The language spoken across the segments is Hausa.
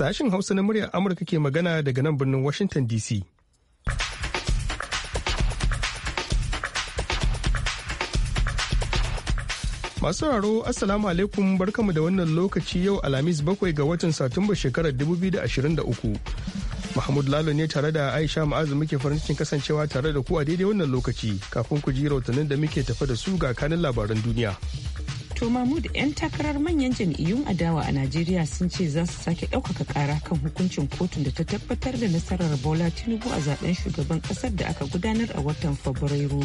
Sashen Hausa na muryar Amurka ke magana daga nan birnin Washington DC. Masu raro Assalamu alaikum barkamu da wannan lokaci yau Alhamis bakwai ga watan Satumba shekarar 2023. Mahmud Lalo ne tare da Aisha Ma'azu muke farin cikin kasancewa tare da ku a daidai wannan lokaci kafin ku ji rautanin da muke tafa da su ga kanin labaran duniya. to mahmud 'yan takarar manyan jam'iyyun adawa a najeriya sun ce za su sake ɗaukaka ƙara kan hukuncin kotun da ta tabbatar da nasarar bola tinubu a zaben shugaban ƙasar da aka gudanar a watan fabrairu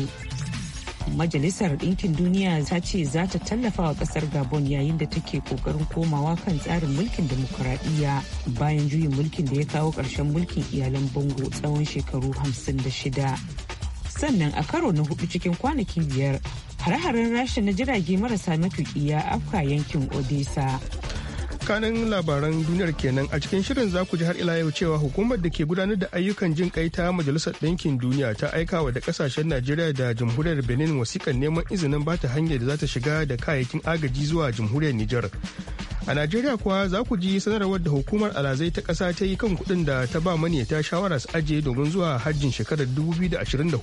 majalisar ɗinkin duniya ta ce za ta tallafa wa ƙasar gabon yayin da take ƙoƙarin komawa kan tsarin mulkin demokuraɗiyya bayan juyin mulkin da ya kawo ƙarshen mulkin iyalan bango tsawon shekaru 56 sannan a karo na hudu cikin kwanakin biyar hare-haren rashin na jirage marasa matuƙi ya afka yankin odessa kanin labaran duniyar kenan a cikin shirin za ku ji har ila yau cewa hukumar da ke gudanar da ayyukan jin kai ta majalisar ɗinkin duniya ta aika wa da kasashen najeriya da jamhuriyar benin wasikar neman izinin ba ta hanyar da za ta shiga da kayayyakin agaji zuwa jamhuriyar nijar a najeriya kuwa za ku ji sanarwar da hukumar alazai ta ƙasa ta yi kan kuɗin da ta ba ta shawara su ajiye domin zuwa hajjin shekarar 2024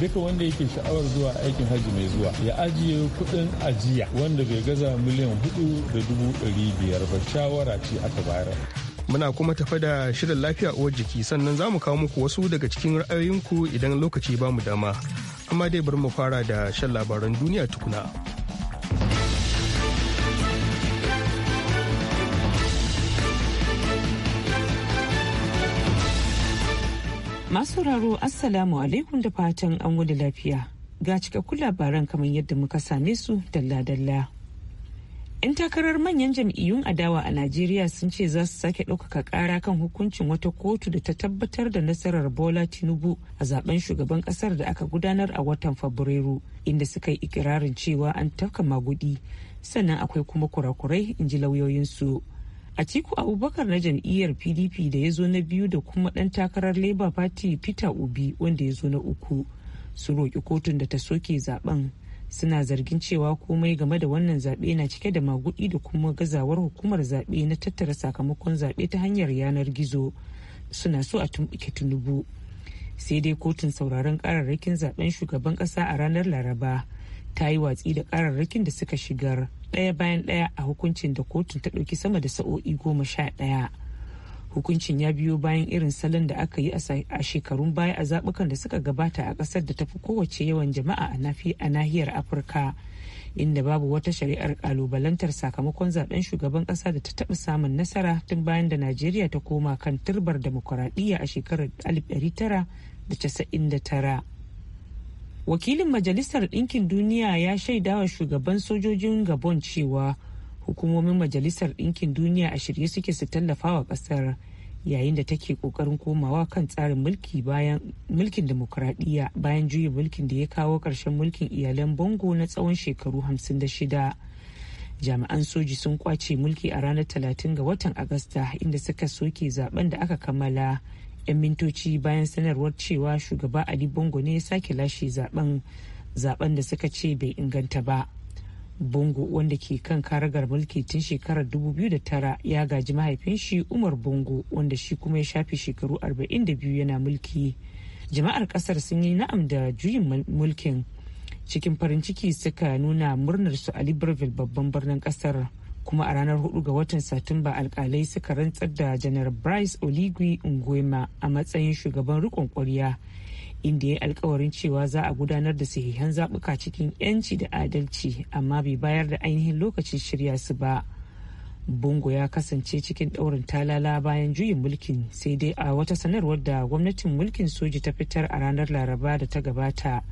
duka wanda yake sha'awar zuwa aikin hajji mai zuwa ya ajiye kudin ajiya wanda bai gaza miliyan hudu da dubu ɗari biyar ba shawara ce aka bayar muna kuma tafa da shirin lafiya uwar jiki sannan za mu kawo muku wasu daga cikin ra'ayoyinku idan lokaci ba mu dama amma dai bari mu fara da shan labaran duniya tukuna. Masu sauraro Assalamu alaikum da fatan an wuni lafiya. Ga cikakkun labaran kamar yadda muka same su dalla-dalla. 'Yan takarar manyan jam'iyyun adawa a Najeriya sun ce za su sake ɗaukaka ƙara kan hukuncin wata kotu da ta tabbatar da nasarar Bola Tinubu a zaben shugaban ƙasar da aka gudanar a watan Fabrairu, inda suka yi ikirarin cewa an tafka magudi, sannan akwai kuma kurakurai in ji lauyoyinsu. a Atiku Abubakar na jam'iyyar PDP da ya zo na biyu da kuma ɗan takarar Labour Party Peter Obi wanda ya zo na uku su roƙi kotun da ta soke zaben suna zargin cewa komai game da wannan zaɓe na cike da magudi da kuma gazawar hukumar zaɓe na tattara sakamakon zaɓe ta hanyar yanar gizo suna so a tumɓuke tunubu sai dai kotun sauraron kararrakin zaben shugaban ƙasa a ranar laraba ta yi watsi da kararrakin da suka shigar ɗaya bayan daya a hukuncin da kotun ta ɗauki sama da sa'o'i goma sha ɗaya hukuncin ya biyo bayan irin salon da aka yi a shekarun baya a zabukan da suka gabata a ƙasar da ta fi kowace yawan jama'a a nahiyar afirka inda babu wata shari'ar kalubalantar sakamakon zaben shugaban kasa da ta taɓa samun nasara tun bayan da najeriya ta koma kan turbar demokuraɗiyya a shekarar 1999 wakilin majalisar ɗinkin duniya ya shaida wa shugaban sojojin gabon cewa hukumomin majalisar ɗinkin duniya a shirye suke su tallafa wa ƙasar yayin da take ƙoƙarin komawa kan tsarin mulki bayan mulkin demokuraɗiyya bayan juyin mulkin da ya kawo ƙarshen mulkin iyalan bongo na tsawon shekaru 56 jami'an soji sun kwace mulki a ranar 30 ga watan agusta inda suka soke zaben da aka kammala 'yan mintoci bayan sanarwar cewa shugaba ali bongo ne ya sake lashe zaben da suka ce bai inganta ba bongo wanda ke kan karagar mulki tun shekarar 2009 ya gaji mahaifin shi umar bongo wanda shi kuma ya shafe shekaru 42 yana mulki jama'ar kasar sun yi na'am da juyin mulkin cikin farin ciki suka nuna murnar su ali babban birnin kasar. kuma a ranar 4 ga watan satumba alkalai suka rantsar da janar bryce oligui nguema a matsayin shugaban rikon kwarya inda ya alkawarin cewa za a gudanar da sahihan zabuka cikin 'yanci da adalci amma bai bayar da ainihin lokacin shirya su ba bongo ya kasance cikin ɗaurin talala bayan juyin mulkin sai dai a wata sanarwar da gwamnatin mulkin soji ta fitar a ranar laraba da ta gabata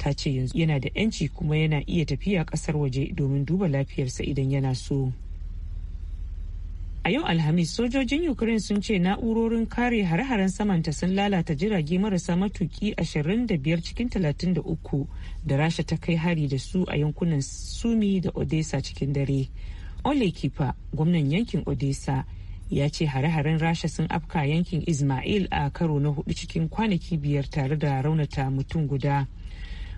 ta ce yanzu yana da 'yanci kuma yana iya tafiya kasar waje domin duba lafiyarsa idan yana so a yau alhamis sojojin ukraine sun ce na'urorin kare hare-haren samanta sun lalata jirage marasa matuki 25 cikin 33 da rasha ta kai hari da su a yankunan sumi da odessa cikin dare ole kifa gwamnan yankin odessa ya ce hare-haren rasha sun afka yankin ismail a karo na hudu cikin kwanaki biyar tare da raunata mutum guda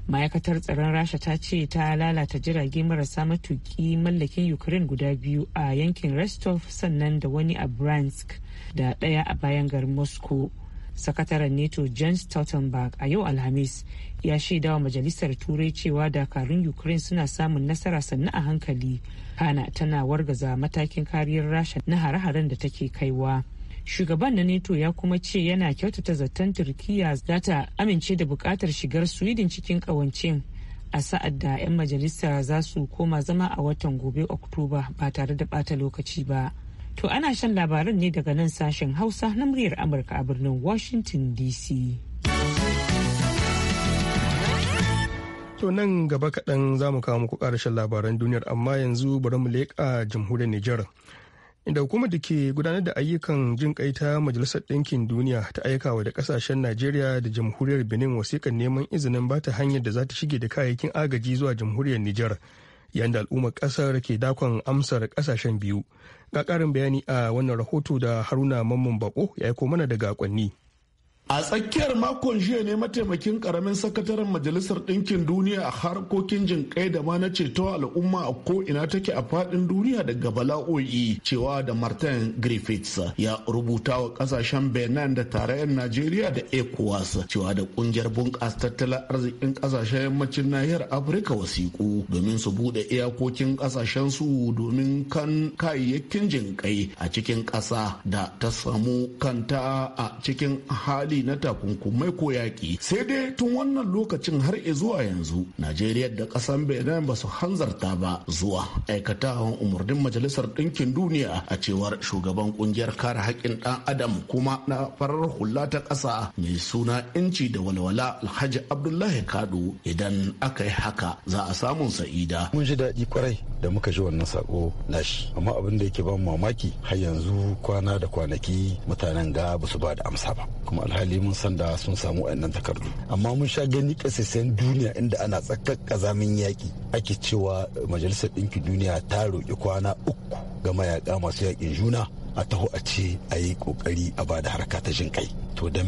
ma'aikatar tsaron rasha ta ce ta lalata jirage marasa matuki mallakin ukraine guda biyu a yankin rostov sannan da wani a bransk da ɗaya a bayan garin moscow sakataren nato john stoltenberg a yau alhamis ya shaidawa majalisar turai cewa dakarun ukraine suna samun nasara sannu a hankali hana tana wargaza matakin kariyar rasha na hare-haren da take kaiwa shugaban na neto ya kuma ce yana kyautata zaton turkiya za ta amince da bukatar shigar sweden cikin kawancin a sa'ad da 'yan majalisa za su koma zama a watan gobe oktoba ba tare da bata lokaci ba to ana shan labaran ne daga nan sashen hausa na muryar amurka a birnin washington dc to nan gaba kaɗan za mu kawo muku ƙarashin labaran duniyar amma yanzu bari mu leƙa jamhuriyar Nijar inda hukumar da ke gudanar da ayyukan jin kai ta majalisar ɗinkin duniya ta aikawa da ƙasashen najeriya da jamhuriyar benin wasiƙar neman izinin ba ta hanyar da za ta shige da kayayyakin agaji zuwa jamhuriyar nijar yadda al'ummar ƙasar ke dakon amsar ƙasashen biyu ga bayani a wannan rahoto da haruna mamman bako ya aiko mana daga kwanni a tsakiyar makon jiya ne mataimakin karamin sakataren majalisar ɗinkin duniya a harkokin jin kai da ma na ceto al'umma a ko'ina take a faɗin duniya daga bala'o'i cewa da martin griffiths ya rubuta wa ƙasashen benin da tarayyar najeriya da ecowas cewa da ƙungiyar bunƙasa tattalin arzikin ƙasashen yammacin nahiyar afirka wasiƙu domin su buɗe iyakokin ƙasashen su domin kan kayayyakin jin a cikin ƙasa da ta samu kanta a cikin hali na takunkumai ko yaƙi sai dai tun wannan lokacin har zuwa yanzu najeriya da ƙasan benin ba su hanzarta ba zuwa aikatawan umarnin majalisar ɗinkin duniya a cewar shugaban ƙungiyar kare haƙƙin ɗan adam kuma na farar hula ta ƙasa mai suna inci da walwala alhaji abdullahi kado idan aka yi haka za a samun sa'ida mun ji daɗi kwarai da muka ji wannan sako nashi amma abin da yake ban mamaki har yanzu kwana da kwanaki mutanen ga ba su ba da amsa ba kuma hali mun san da sun samu wayannan takardu amma mun sha gani kasashen duniya inda ana tsakar kazamin yaƙi ake cewa majalisar ɗinkin duniya ta roƙi kwana uku ga mayaƙa masu yaƙin juna a taho a ce a yi ƙoƙari a bada da harka ta jin kai to don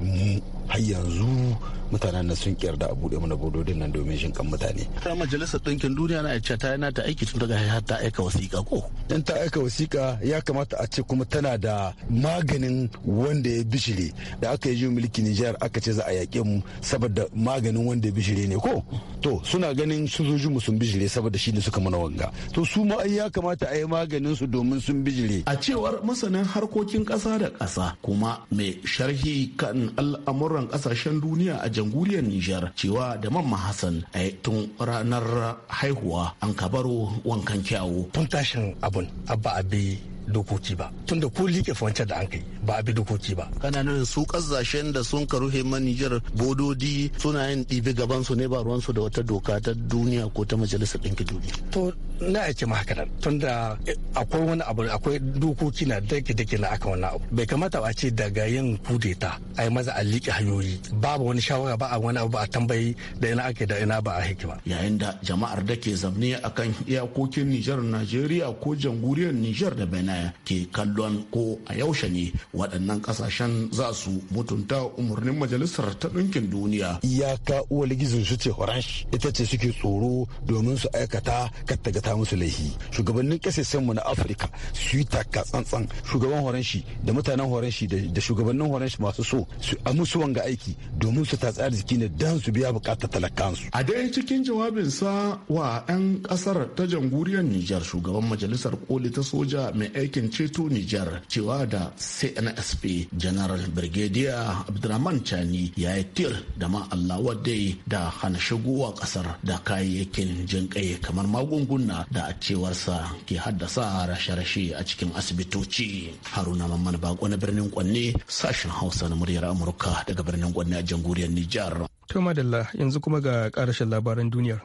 mu har yanzu mutanen na sun kiyar da a buɗe mana bododin nan domin shin kan mutane. Ta majalisar ɗinkin duniya na ce ta yana ta aiki tun daga ta aika wasiƙa ko? In ta aika wasiƙa ya kamata a ce kuma tana da maganin wanda ya bishire da aka yi mulki Nijar aka ce za a yaƙe mu saboda maganin wanda ya bishire ne ko? To suna ganin sojojin mu sun bishire saboda shi ne suka mana wanga. To su ma ai ya kamata a yi maganin su domin sun bijire. A cewar masanin harkokin ƙasa da ƙasa kuma mai sharhi kan al'amur. jagoran kasashen duniya a jamhuriyar Nijar cewa da mamma Hassan a tun ranar haihuwa an kabaro wankan kyawu. Tun tashin abun abba abi dokoki ba tun da ko liƙe fahimtar da an kai ba a bi dokoki ba kana nan su kasashen da sun karu himan Nijar bododi suna yin ɗibi gaban su ne ba ruwan su da wata doka ta duniya ko ta majalisar ɗinkin duniya to na ce ma haka tunda akwai wani abu akwai dokoki na dake dake na aka wani abu bai kamata a ce daga yin kudeta a yi maza a liƙe hanyoyi babu wani shawara ba a wani abu ba a tambayi da ina ake da ina ba a hikima yayin da jama'ar da ke zamne kan iyakokin Nijar Najeriya ko jamhuriyar Nijar da Benin ke kallon ko a yaushe ne waɗannan ƙasashen za su mutunta umarnin majalisar ta ɗinkin duniya iyaka uwa ligizin su ce horanshi ita ce suke tsoro domin su aikata kattagata musu laifi shugabannin mu na afirka su yi taka tsantsan shugaban horanshi da mutanen horanshi da shugabannin horanshi masu so su a musu wanga aiki domin su tatsa jiki ne dan su biya bukatar talakansu a dai cikin jawabinsa wa 'yan ƙasar ta jamhuriyar nijar shugaban majalisar koli ta soja mai aikin ceto nijar cewa da sai nsp general brigadier Abdurahman chani ya yi tir da ma allah wadai da hana shigowa kasar da kayayyakin jinƙai kamar magunguna da a cewarsa ke haddasa rashe-rashe a cikin asibitoci haruna mamman bako na birnin kwanne sashen hausa na muryar amurka daga birnin kwanne a jamhuriyar nijar to madalla yanzu kuma ga karashin labaran duniyar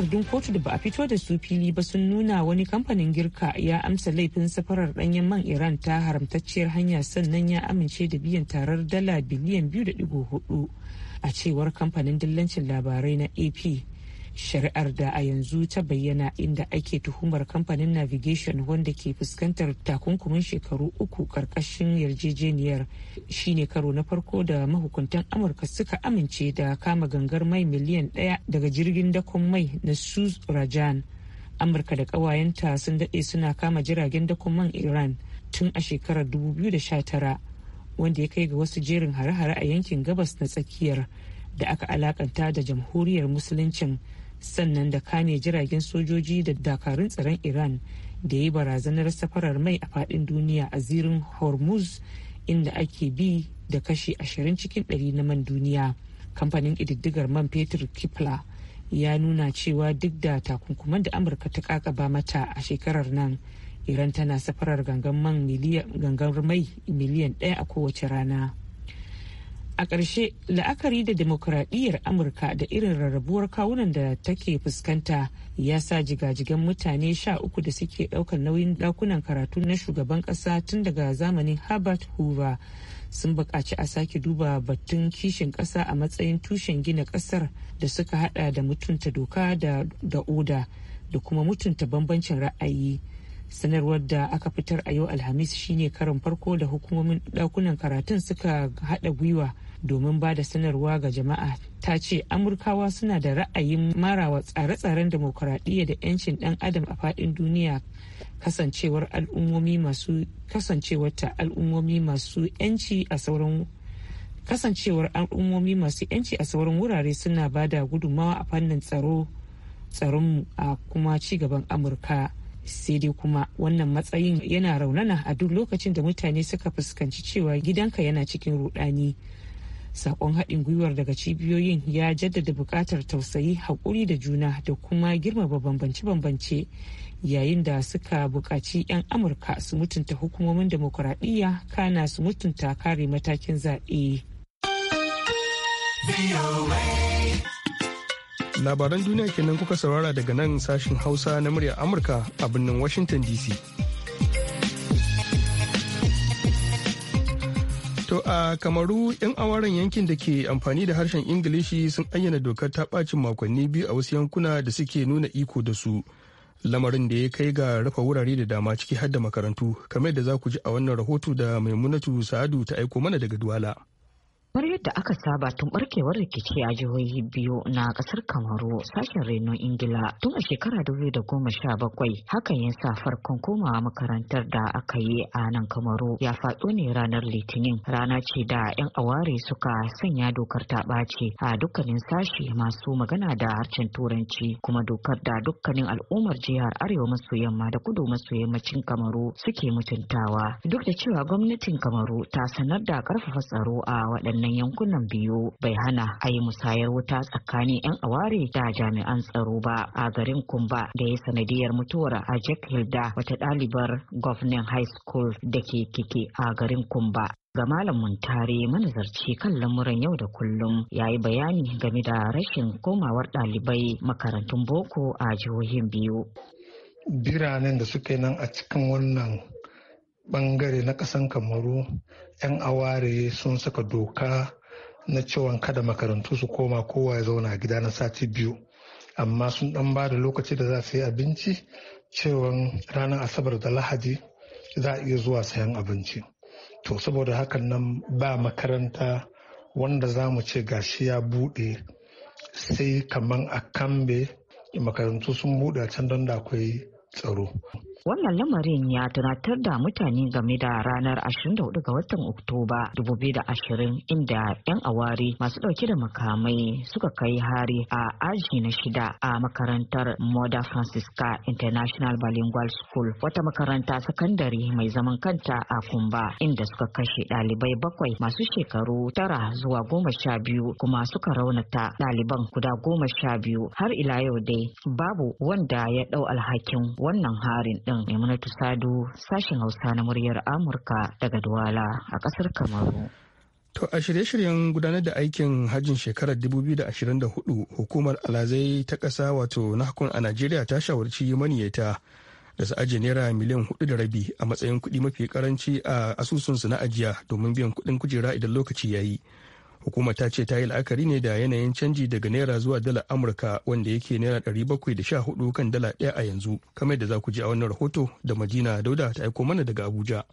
takardun kotu da ba a fito da su fili ba sun nuna wani kamfanin girka ya amsa laifin safarar danyen man iran ta haramtacciyar hanya sannan ya amince da biyan tarar dala biliyan 2.4 a cewar kamfanin dillancin labarai na ap shari'ar da a yanzu ta bayyana inda ake tuhumar kamfanin navigation wanda ke fuskantar takunkumin shekaru uku karkashin yarjejeniyar shine karo na farko da mahukuntan amurka suka amince da kama gangar mai miliyan daya daga jirgin dakon mai na suz rajan amurka da ƙawayenta sun dade suna kama jiragen dakon man iran tun a shekarar 2019 wanda ya kai ga wasu jerin hare-hare a yankin gabas na tsakiyar da aka alakanta da jamhuriyar musuluncin sannan da kame jiragen sojoji da dakarun tsaron iran da ya yi barazanar safarar mai a fadin duniya a zirin hormuz inda ake bi da kashi ashirin cikin 100 na man duniya kamfanin ƙididdigar man fetur kipla ya nuna cewa duk da takunkuman da amurka ta kakaba mata a shekarar nan iran tana safarar gangan mai miliyan ɗaya a kowace rana a ƙarshe la'akari da demokuraɗiyyar amurka da irin rarrabuwar kawunan da take fuskanta ya sa jigajigan mutane sha uku da suke ɗaukar nauyin ɗakunan karatu na shugaban ƙasa tun daga zamanin herbert hoover sun buƙaci a sake duba batun kishin ƙasa a matsayin tushen gina ƙasar da suka haɗa da mutunta doka da oda da kuma mutunta bambancin ra'ayi sanarwar da aka fitar a yau alhamis shine karin farko da hukumomin ɗakunan karatun suka haɗa gwiwa domin ba da sanarwa ga jama'a ta ce amurkawa suna da ra'ayin marawa tsare-tsaren demokuraɗiyya da 'yancin ɗan adam a faɗin duniya kasancewar al'ummomi masu 'yanci a sauran wurare suna ba da gudummawa a fannin tsaro tsaronmu a kuma ci gaban amurka sai dai kuma wannan matsayin yana raunana a duk lokacin da mutane suka fuskanci cewa gidanka yana cikin rudani. sakon haɗin gwiwar daga cibiyoyin ya jaddada buƙatar tausayi haƙuri da juna da kuma girmama bambance-bambance yayin da suka buƙaci 'yan amurka su mutunta hukumomin demokuraɗiyya kana su mutunta kare matakin zaɓe. labaran duniya kenan kuka saurara daga nan sashin hausa na muryar amurka a birnin washington dc To a kamaru 'yan awaren yankin da ke amfani da harshen Ingilishi sun ayyana dokar ta ɓacin makonni biyu a wasu yankuna da suke nuna iko da su. Lamarin da ya kai ga rafa wurare da dama ciki har da makarantu, kamar da za ku ji a wannan rahoto da Maimunatu Sa'adu ta aiko mana daga Duwala. kamar yadda aka saba tun barkewar rikici a jihohi biyu na kasar kamaru sashen renon ingila tun a shekara bakwai, hakan ya sa farkon komawa makarantar da aka yi a nan kamaru ya faɗo ne ranar litinin rana ce da 'yan aware suka sanya dokar ta ɓace a dukkanin sashi masu magana da harshen turanci kuma dokar da dukkanin al'ummar jihar arewa maso yamma da kudu maso yammacin kamaru suke mutuntawa duk da cewa gwamnatin kamaru ta sanar da karfafa tsaro a waɗannan waɗannan yankunan biyu bai hana a yi musayar wuta tsakanin 'yan aware da jami'an tsaro ba a garin kumba da ya sanadiyar mutuwar a jack hilda wata ɗalibar gwamnan high school da ke kike a garin kumba ga malam muntare manazarci kan lamuran yau da kullum ya yi bayani game da rashin komawar ɗalibai makarantun boko a jihohin biyu biranen da suka yi nan a cikin wannan bangare na kasan kamaru 'yan aware sun saka doka na cewa kada makarantu su koma kowa ya zauna gida na sati biyu amma sun dan ba da lokaci da za su yi abinci cewan ranar asabar da lahadi za a iya zuwa sayan abinci to saboda hakan nan ba makaranta wanda za mu ce gashi ya buɗe sai kamar a kambe makarantu sun buɗe a can don da akwai tsaro Wannan lamarin ya tunatar da mutane game da ranar 24 ga watan Oktoba 2020 inda 'yan awari masu ɗauke da makamai suka kai hari a aji na shida a makarantar Mother Francisca International Bilingual School wata makaranta sakandare mai zaman kanta a Kumba inda suka kashe ɗalibai bakwai masu shekaru tara zuwa goma sha biyu kuma suka raunata ɗaliban guda goma sha biyu har ila yau dai babu wanda ya ɗau alhakin wannan harin din Imanatu Sadu sashen Hausa na muryar Amurka daga Duwala a ƙasar Kamaru. To a shirye-shiryen gudanar da aikin hajjin shekarar 2024 hukumar alazai ta ƙasa wato nahkun a Najeriya ta shawarci maniyata da su ajiye naira miliyan hudu da rabi a matsayin kuɗi mafi karanci a asusunsu na ajiya domin biyan kuɗin kujera idan lokaci ya yi. hukuma ta ce ta yi la'akari ne da yanayin canji daga naira zuwa dala amurka wanda yake naira da 714 kan dala ɗaya a yanzu kamar da za ku ji a wannan rahoto da madina dauda ta aiko mana daga abuja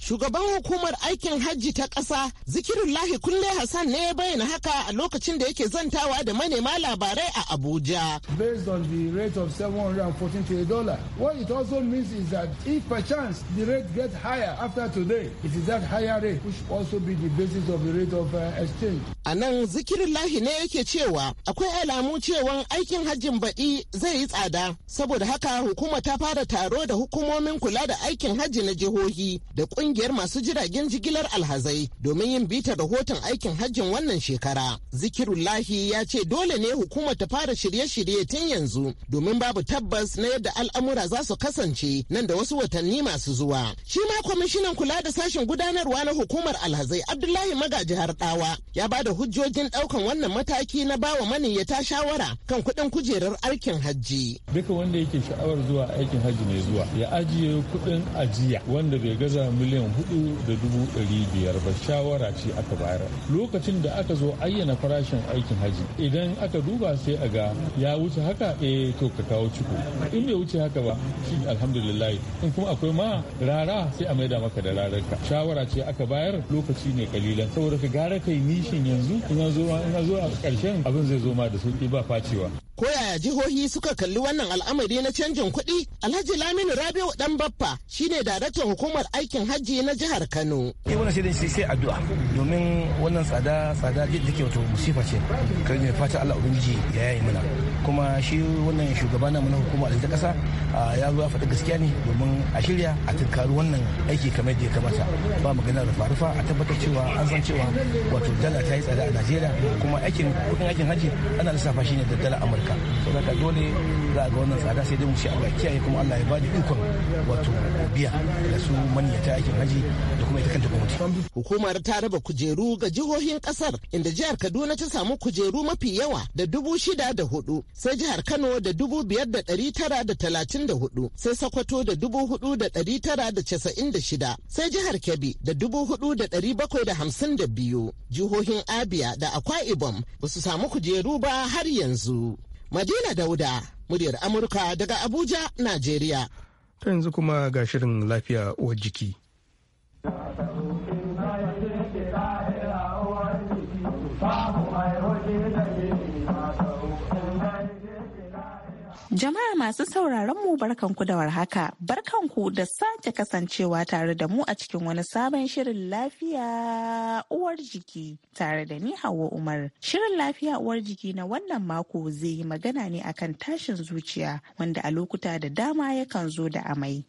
Shugaban hukumar aikin hajji ta ƙasa zikirullahi kulle Hassan ne ya bayyana haka a lokacin da yake zantawa da manema labarai a Abuja. Based on the rate of 714 to a dollar, what it also means is that if chance the rate get higher after today, it is that higher rate which also be the basis of the rate of uh, exchange A nan zikirin lahi ne yake cewa akwai alamu cewa aikin hajjin baɗi zai yi tsada. Saboda haka hukuma ta fara taro da hukumomin kula da aikin hajji na jihohi da ƙungiyar masu jiragen jigilar alhazai domin yin bitar rahoton aikin hajjin wannan shekara. zikirullahi lahi ya ce dole ne hukuma ta fara shirye-shirye tun yanzu domin babu tabbas na yadda al'amura za su kasance nan da wasu watanni masu zuwa. Shi ma kwamishinan kula da sashen gudanarwa na hukumar alhazai Abdullahi Magaji ɗawa ya ba da hujjojin ɗaukan wannan mataki na bawa maniyyata shawara kan kuɗin kujerar aikin hajji. Duka wanda yake sha'awar zuwa aikin hajji mai zuwa ya ajiye kuɗin ajiya wanda bai gaza miliyan hudu da dubu ɗari biyar ba shawara ce aka bayar. Lokacin da aka zo ayyana farashin aikin hajji idan aka duba sai a ga ya wuce haka eh to ka kawo ciko in bai wuce haka ba shi alhamdulillah in kuma akwai ma rara sai a maida maka da rararka shawara ce aka bayar lokaci ne kalilan saboda ka gara kai nishin yanzu yanzu ina zuwa a ƙarshen abin zai zo ma da sauki ba facewa Ko yaya jihohi suka kalli wannan al'amari na canjin kuɗi? Alhaji Laminu Rabiu Dan Baffa shine daraktan hukumar aikin hajji na jihar Kano. Eh wannan sai sai sai addu'a domin wannan tsada tsada da ke wato musifa ce. Kai ne fata Allah ubangiji ya yayi mana. Kuma shi wannan shugaba na mana hukumar da kasa ya zo ya faɗi gaskiya ne domin a shirya a tunkari wannan aiki kamar da ya kamata. Ba magana rufa-rufa a tabbatar cewa an san cewa wato dala ta yi tsada a Najeriya kuma aikin kuɗin aikin hajji ana lissafa shi ne da dala Amurka. haka saboda dole za a ga wannan tsada sai dai mu ce Allah kiyaye kuma Allah ya bada ikon wato biya da su maniyata aikin haji da kuma ita kanta gwamnati hukumar ta raba kujeru ga jihohin kasar inda jihar Kaduna ta samu kujeru mafi yawa da dubu shida da hudu sai jihar Kano da dubu biyar da dari tara da talatin da hudu sai Sokoto da dubu hudu da dari tara da casa'in da shida sai jihar Kebbi da dubu hudu da dari bakwai da hamsin da biyu jihohin Abia da Akwa Ibom ba su samu kujeru ba har yanzu. Madina Dauda, muryar Amurka daga Abuja, Najeriya. Ta yanzu kuma ga shirin lafiya uwar jiki. Jama'a masu sauraron mu barkanku da warhaka, barkanku da sake kasancewa tare da mu a cikin wani sabon shirin lafiya uwar jiki tare da ni Hauwa Umar. Shirin lafiya uwar jiki na wannan mako zai yi magana ne akan tashin zuciya wanda a lokuta da dama yakan zo da amai.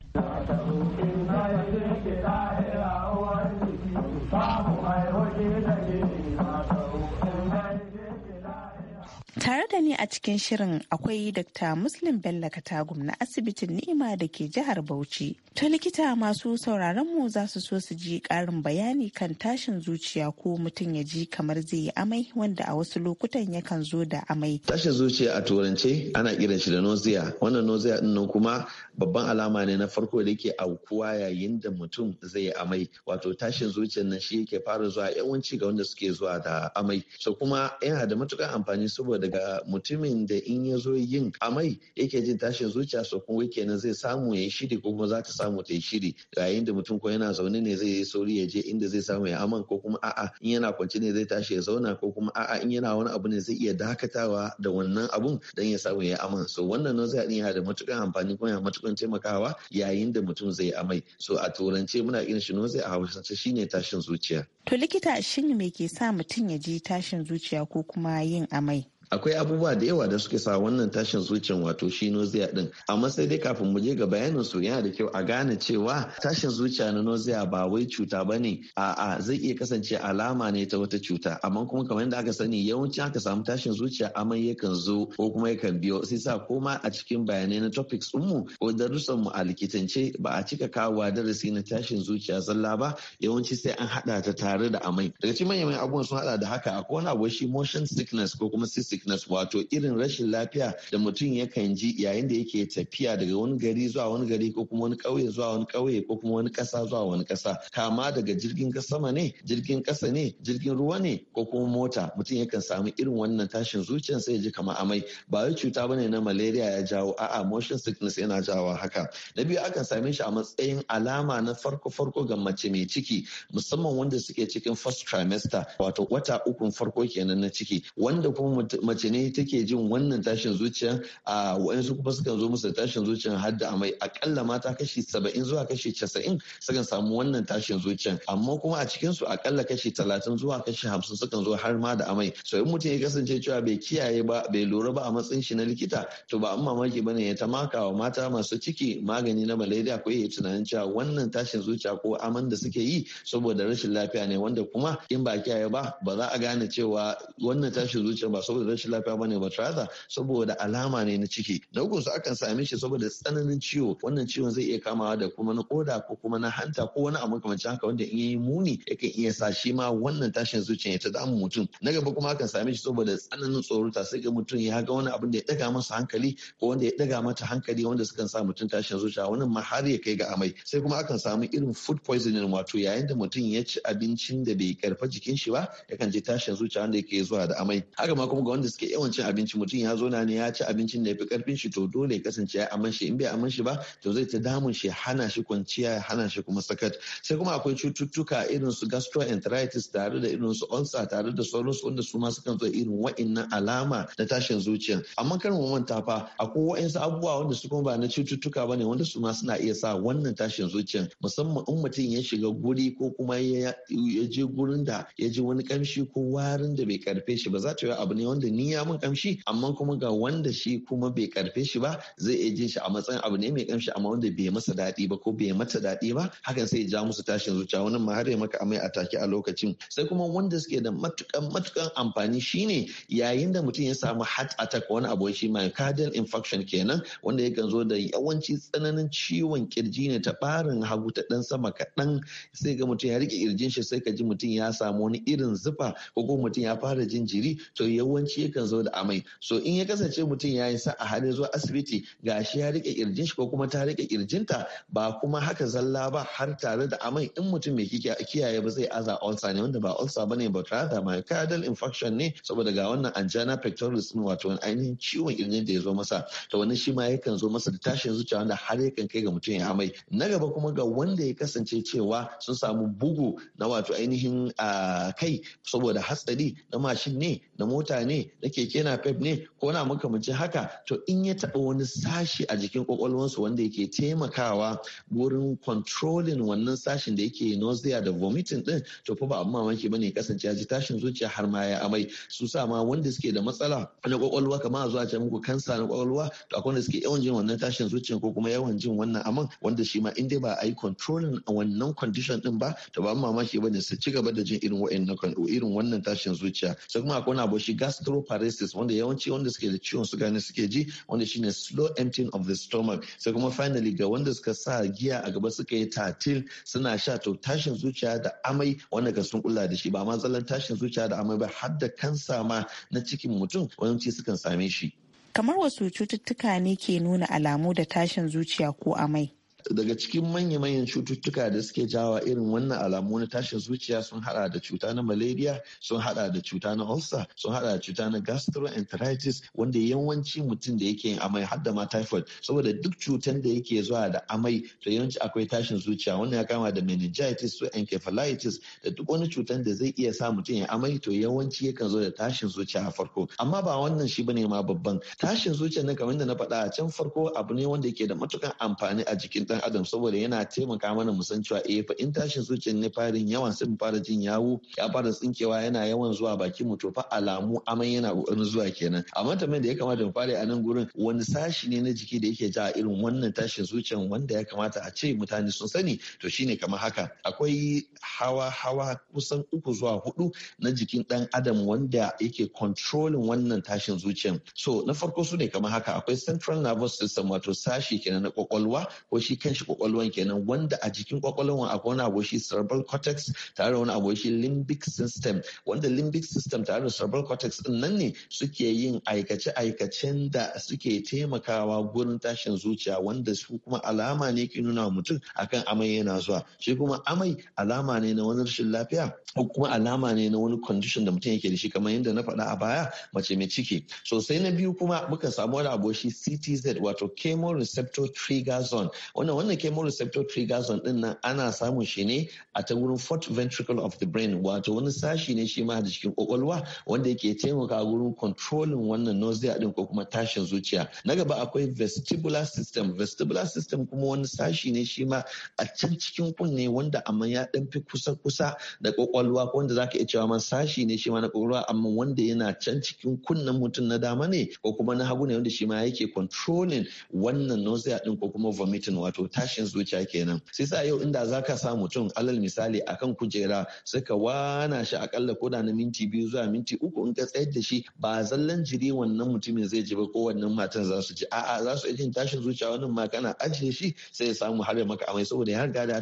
da ni a cikin shirin akwai Dr. Muslim Bello Katagum na asibitin Ni'ima da ke jihar Bauchi. Ta likita masu sauraron mu za su so su ji ƙarin bayani kan tashin zuciya ko mutum ya ji kamar zai yi amai wanda a wasu lokutan yakan zo da amai. Tashin zuciya a turance ana kiran shi da nausea. Wannan nausea din nan kuma babban alama ne na farko da yake aukuwa yayin da mutum zai yi amai. Wato tashin zuciyar nan shi yake fara zuwa yawanci ga wanda suke zuwa da amai. So kuma yana da matukar amfani saboda mutumin da in ya zo yin amai yake jin tashin zuciya so kuma kenan zai samu ya shiri ko kuma za ta samu ta yi shiri yayin da mutum ko yana zaune ne zai yi sauri ya je inda zai samu ya aman ko kuma a'a in yana kwance ne zai tashi ya zauna ko kuma a'a in yana wani abu ne zai iya dakatawa da wannan abun dan ya samu ya aman so wannan nausea zai iya da matukan amfani ko yana matukan taimakawa yayin da mutum zai amai so a turance muna irin shi zai a hausance shine tashin zuciya to likita shin me ke sa mutum ya ji tashin zuciya ko kuma yin amai akwai abubuwa da yawa da suke sa wannan tashin zuciyan wato shi noziya din amma sai dai kafin mu je ga bayanin su yana da kyau a gane cewa tashin zuciya na noziya ba wai cuta ba ne. a'a zai iya kasance alama ne ta wata cuta amma kuma kamar yadda aka sani yawanci aka samu tashin zuciya amai yakan zo ko kuma yakan biyo sai sa koma a cikin bayanai na topics mu ko darussan mu a likitance ba a cika kawowa darasi na tashin zuciya zalla ba yawanci sai an hada ta tare da amai daga cikin manyan abubuwan sun hada da haka akwai wani abu shi motion sickness ko kuma cystic sickness wato irin rashin lafiya da mutum yakan ji yayin da yake tafiya daga wani gari zuwa wani gari ko kuma wani ƙauye zuwa wani ƙauye ko kuma wani ƙasa zuwa wani ƙasa kama daga jirgin sama ne jirgin ƙasa ne jirgin ruwa ne ko kuma mota mutum yakan samu irin wannan tashin zuciyar sai ya ji kamar amai ba wai cuta ba ne na malaria ya jawo a'a motion sickness yana jawo haka na biyu akan same shi a matsayin alama na farko farko ga mace mai ciki musamman wanda suke cikin first trimester wato wata ukun farko kenan na ciki wanda kuma mace ne take jin wannan tashin zuciya a wa'ansu kuma sukan zo musu tashin zuciya har da amai akalla mata kashi saba'in zuwa kashi casa'in sukan samu wannan tashin zuciya amma kuma a cikin su akalla kashi talatin zuwa kashi hamsin sukan zo har ma da amai so in mutum ya kasance cewa bai kiyaye ba bai lura ba a matsayin shi na likita to ba an mamaki bane ya ta maka wa mata masu ciki magani na malaria ko ya tunanin cewa wannan tashin zuciya ko aman da suke yi saboda rashin lafiya ne wanda kuma in ba kiyaye ba ba za a gane cewa wannan tashin zuciya ba saboda rashin lafiya ne ba rather saboda alama ne na ciki na ugun su akan same shi saboda tsananin ciwo wannan ciwon zai iya kamawa da kuma na koda ko kuma na hanta ko wani abu makamancin haka wanda in yi muni yakan iya sa shi ma wannan tashin zuciya ya ta damu mutum na gaba kuma akan same shi saboda tsananin ta sai ga mutum ya ga wani abin da ya daga masa hankali ko wanda ya daga mata hankali wanda sukan sa mutum tashin zuciya wannan ma har ya kai ga amai sai kuma akan samu irin food poisoning wato yayin da mutum ya ci abincin da bai karfa jikin shi ba yakan je tashin zuciya wanda yake zuwa da amai haka ma kuma ga wanda suke yawan cin abinci mutum ya zo na ne ya ci abincin da ya fi karfin shi to dole kasance ya aman shi in bai aman shi ba to zai ta damun shi hana shi kwanciya ya hana shi kuma sakat sai kuma akwai cututtuka irin su gastroenteritis tare da irin su ulcer tare da sauransu wanda su ma sukan zo irin wa'innan alama na tashin zuciya amma kar mu manta fa akwai wa'insu abubuwa wanda su kuma ba na cututtuka ba ne wanda su ma suna iya sa wannan tashin zuciya musamman in mutum ya shiga guri ko kuma ya je gurin da ya ji wani kamshi ko warin da bai karfe shi ba za ta yi abu ne wanda ni ya mun kamshi amma kuma ga wanda shi kuma bai karfe shi ba zai iya jin shi a matsayin abu ne mai kamshi amma wanda bai masa daɗi ba ko bai mata daɗi ba hakan sai ya ja musu tashin zuciya wani ma har ya maka amai a take a lokacin sai kuma wanda suke da matukan matukan amfani shine yayin da mutum ya samu heart attack wani abu shi myocardial infarction kenan wanda yakan zo da yawanci tsananin ciwon kirji ne ta barin hagu ta dan sama kaɗan sai ga mutum ya rike kirjin shi sai ka ji mutum ya samu wani irin zufa ko kuma mutum ya fara jin jiri to yawanci yakan zo da amai so in ya kasance mutum ya yi sa'a har zuwa asibiti gashi ya rike kirjin shi ko kuma ta rike kirjinta ba kuma haka zalla ba har tare da amai in mutum mai kiyaye ba zai aza ulcer ne wanda ba ulcer bane ba rather myocardial infarction ne saboda ga wannan angina pectoris din wato ainihin ciwon kirjin da ya zo masa to wannan shi ma yakan zo masa da tashin zuciya wanda har yakan kai ga mutum ya amai na gaba kuma ga wanda ya kasance cewa sun samu bugu na wato ainihin ah, kai saboda hatsari na mashin ne na mota ne na keke na pep ne ko na muka mace haka to in ya taba wani sashi a jikin kwakwalwansu wanda yake taimakawa wurin controlling wannan sashin da yake nausea da vomiting din to fa ba amma mamaki bane kasance ya ji tashin zuciya har ma ya amai su sa ma wanda suke da matsala na kwakwalwa kamar a zuwa ce muku kansa na kwakwalwa to akwai wanda suke yawan jin wannan tashin zuciya ko kuma yawan jin wannan aman wanda shi ma in dai ba a yi controlling wannan condition din ba to ba mamaki bane su ci gaba da jin irin wa'annan irin wannan tashin zuciya sai kuma akwai bo shi gastro paresis wanda yawanci wanda suke da ciwon suga ne suke ji wanda shine slow emptying of the stomach sai kuma finally ga wanda suka sa giya a gaba suka yi tatil suna sha to tashin zuciya da amai wanda ka sun kula da shi ba ma tsallan tashin zuciya da amai ba har da kansa ma na cikin mutum yawanci sukan same shi kamar wasu cututtuka ne ke nuna alamu da tashin zuciya ko amai daga cikin manya-manyan cututtuka da suke jawa irin wannan alamu na tashin zuciya sun hada da cuta na malaria sun hada da cuta na ulcer sun hada da cuta na gastroenteritis wanda yawanci mutum da yake yin amai har da ma typhoid saboda duk cutan da yake zuwa da amai to yawanci akwai tashin zuciya wanda ya kama da meningitis su encephalitis da duk wani cutan da zai iya sa mutum ya amai to yawanci yakan zo da tashin zuciya a farko amma ba wannan shi bane ma babban tashin zuciya na kamar da na faɗa a can farko abu ne wanda yake da matukan amfani a jikin dan adam saboda yana taimaka mana mu san cewa eh fa in tashin zuciyar ne farin yawan sai fara jin yawo ya fara tsinkewa yana yawan zuwa bakin mu to fa alamu aman yana kokarin zuwa kenan amma tambayar da ya kamata mu fara a nan gurin wani sashi ne na jiki da yake ja irin wannan tashin zuciyar wanda ya kamata a ce mutane sun sani to shine kamar haka akwai hawa hawa kusan uku zuwa hudu na jikin dan adam wanda yake controlling wannan tashin zuciyar so na farko su ne kamar haka akwai central nervous system wato sashi kenan na kwakwalwa ko shi kan shi kwakwalwan kenan wanda a jikin kwakwalwan akwai wani abu shi cerebral cortex tare da wani abu shi limbic system wanda limbic system tare da cerebral cortex din nan ne suke yin aikace-aikacen da suke taimakawa gurin tashin zuciya wanda su kuma alama ne ke nuna mutum akan amai yana zuwa shi kuma amai alama ne na wani rashin lafiya ko kuma alama ne na wani condition da mutum yake da shi kamar yadda na faɗa a baya mace mai ciki sosai na biyu kuma muka samu wani abu shi CTZ wato chemoreceptor trigger zone wannan wannan receptor triggers din nan ana samun shi ne a ta wurin fourth ventricle of the brain wato wani sashi ne shi ma da cikin kwakwalwa wanda yake taimaka wurin controlling wannan nausea din ko kuma tashin zuciya na gaba akwai vestibular system vestibular system kuma wani sashi ne shi ma a can cikin kunne wanda amma ya dan fi kusa kusa da kwakwalwa wanda zaka iya cewa ma sashi ne shi ma na kwakwalwa amma wanda yana can cikin kunnen mutum na dama ne ko kuma na hagu ne wanda shi ma yake controlling wannan nausea din ko kuma vomiting wato tashin zuciya kenan sai sa yau inda zaka sa mutum alal misali akan kujera suka wana shi akalla koda na minti biyu zuwa minti uku in ka tsayar da shi ba zallan jiri wannan mutumin zai ji ba ko wannan matan za su ji a'a za su jin tashin zuciya wannan ma kana ajiye shi sai ya samu har ya maka amai saboda ya riga da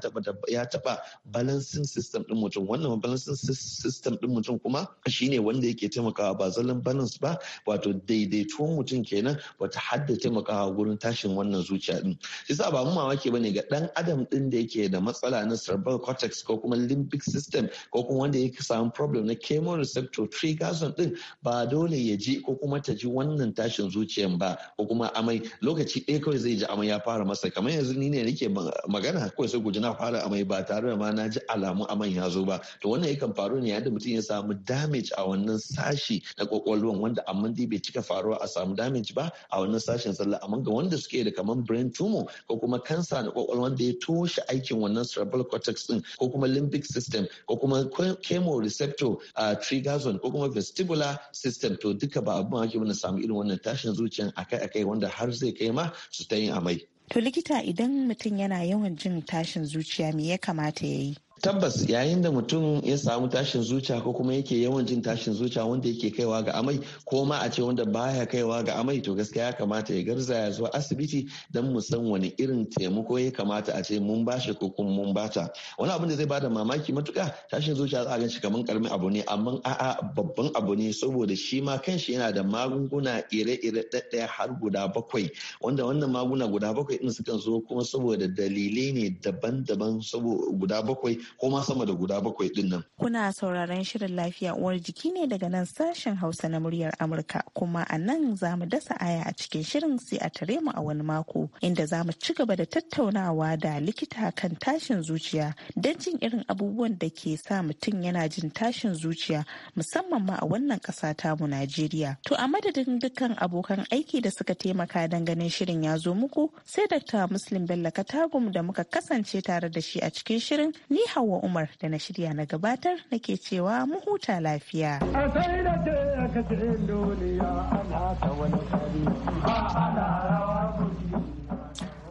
ya taba balancing system din mutum wannan balancing system din mutum kuma shine wanda yake taimakawa ba zallan balance ba wato daidaituwan mutum kenan wata hadda taimakawa gurin tashin wannan zuciya din sai sa ba mu mamaki bane ga dan adam din da yake da matsala na cerebral cortex ko kuma limbic system ko kuma wanda yake samu problem na chemoreceptor trigason din ba dole ya ji ko kuma ta ji wannan tashin zuciyan ba ko kuma amai lokaci ɗaya kawai zai ji amai ya fara masa kamar yanzu ni ne nake magana kawai sai guji na fara amai ba tare da ma na ji alamu amai ya zo ba to wannan yakan faru ne yadda mutum ya samu damage a wannan sashi na kwakwalwan wanda amma dai bai cika faruwa a samu damage ba a wannan sashen sallah amma ga wanda suke da kamar brain tumor ko kuma kansa na kwakwalwan da ya toshe aikin wannan cerebral cortex din ko kuma limbic system ko kuma chemoreceptor a uh, trigger zone ko kuma vestibular system to duka ba abin ake wani samu irin wannan tashin zuciyan akai-akai wanda har zai kai ma su ta yin amai. To likita idan mutum yana yawan jin tashin zuciya me ya kamata ya yi? tabbas yayin da mutum ya samu tashin zuciya ko kuma yake yawan jin tashin zuciya wanda yake kaiwa ga amai ko ma a ce wanda baya kaiwa ga amai to gaskiya ya kamata ya garza ya zuwa asibiti don mu san wani irin taimako ya kamata a ce mun bashi ko kuma mun bata wani abin da zai bada mamaki matuka tashin zuciya za a gan shi kamar karamin abu ne amma a'a babban abu ne saboda shi ma kanshi yana da magunguna ire-ire ɗaya har guda bakwai wanda wannan magunguna guda bakwai din sukan zo kuma saboda dalilai ne daban-daban saboda guda bakwai ko ma sama da guda bakwai din nan. Kuna sauraron shirin lafiya uwar jiki ne daga nan sashen Hausa na muryar Amurka kuma a nan za mu dasa aya a cikin shirin sai a tare mu a wani mako inda za mu ci gaba da tattaunawa da likita kan tashin zuciya don jin irin abubuwan da ke sa mutum yana jin tashin zuciya musamman ma a wannan ƙasa tamu Najeriya. To a madadin dukkan abokan aiki da suka taimaka don ganin shirin ya zo muku sai Dr. Muslim Bello Katagum da muka kasance tare da shi a cikin shirin ni Hauwa Umar da na shirya na gabatar nake cewa mu huta lafiya.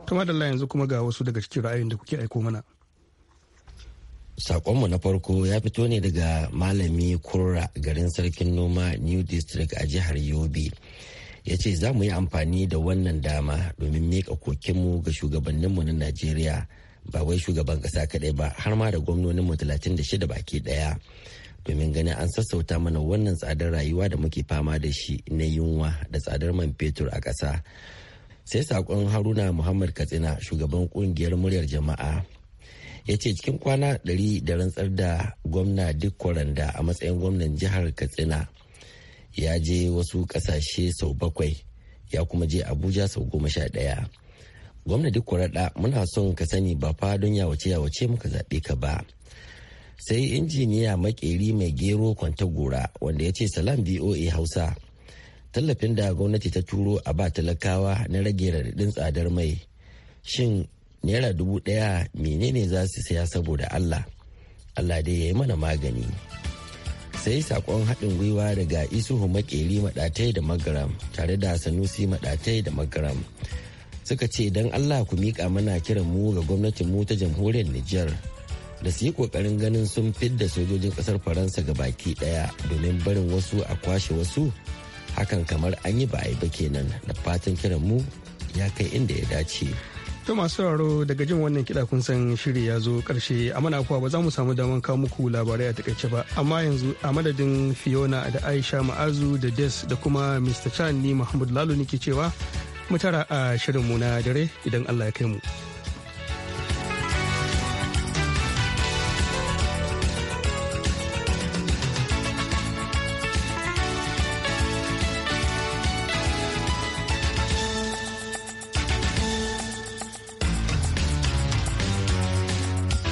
Tuma da yanzu kuma ga wasu daga cikin ra'ayin da kuke aiko mana. Sakonmu na farko ya fito ne daga Malami Kurra garin Sarkin Noma New District a jihar Yobe. ya ce za mu yi amfani da wannan dama domin mika kokinmu ga shugabanninmu na najeriya ba wai shugaban kasa kadai ba har ma da gwamnonin mu 36 baki daya domin ganin an sassauta mana wannan tsadar rayuwa da muke fama da shi na yunwa da tsadar man fetur a ƙasa sai saƙon haruna muhammad katsina shugaban ƙungiyar muryar jama'a ya ce cikin kwana 100 da rantsar da gwamna duk kwaranda a matsayin gwamnan jihar katsina ya je wasu ƙasashe sau bakwai ya kuma je abuja sau goma sha ɗaya gwamnati kuraɗa muna son ka sani ba fa don yawace yawace muka zaɓe ka ba sai injiniya makeri mai gero gora wanda ya ce salam voa hausa tallafin da gwamnati ta turo a ba talakawa na rage raɗaɗin tsadar mai shin naira dubu ɗaya menene za su saya saboda allah allah dai ya yi mana magani sai sakon haɗin gwiwa daga isuhu makeri maɗatai da magaram tare da sanusi maɗatai da magaram suka ce don allah ku miƙa mana kiran mu ga gwamnatin mu ta jamhuriyar nijar da su yi kokarin ganin sun fidda sojojin ƙasar faransa ga baki ɗaya domin barin wasu a kwashe wasu hakan kamar an yi ba ba kenan da fatan kiran mu ya kai inda ya dace to masu sauraro daga jin wannan kiɗa kun san shiri ya zo karshe a mana kuwa ba za mu samu daman kawo muku labarai a takaice ba amma yanzu a madadin fiona da aisha ma'azu da des da kuma mr chan ni lalu ne ke cewa mu tara a shirinmu na dare idan Allah ya kai mu.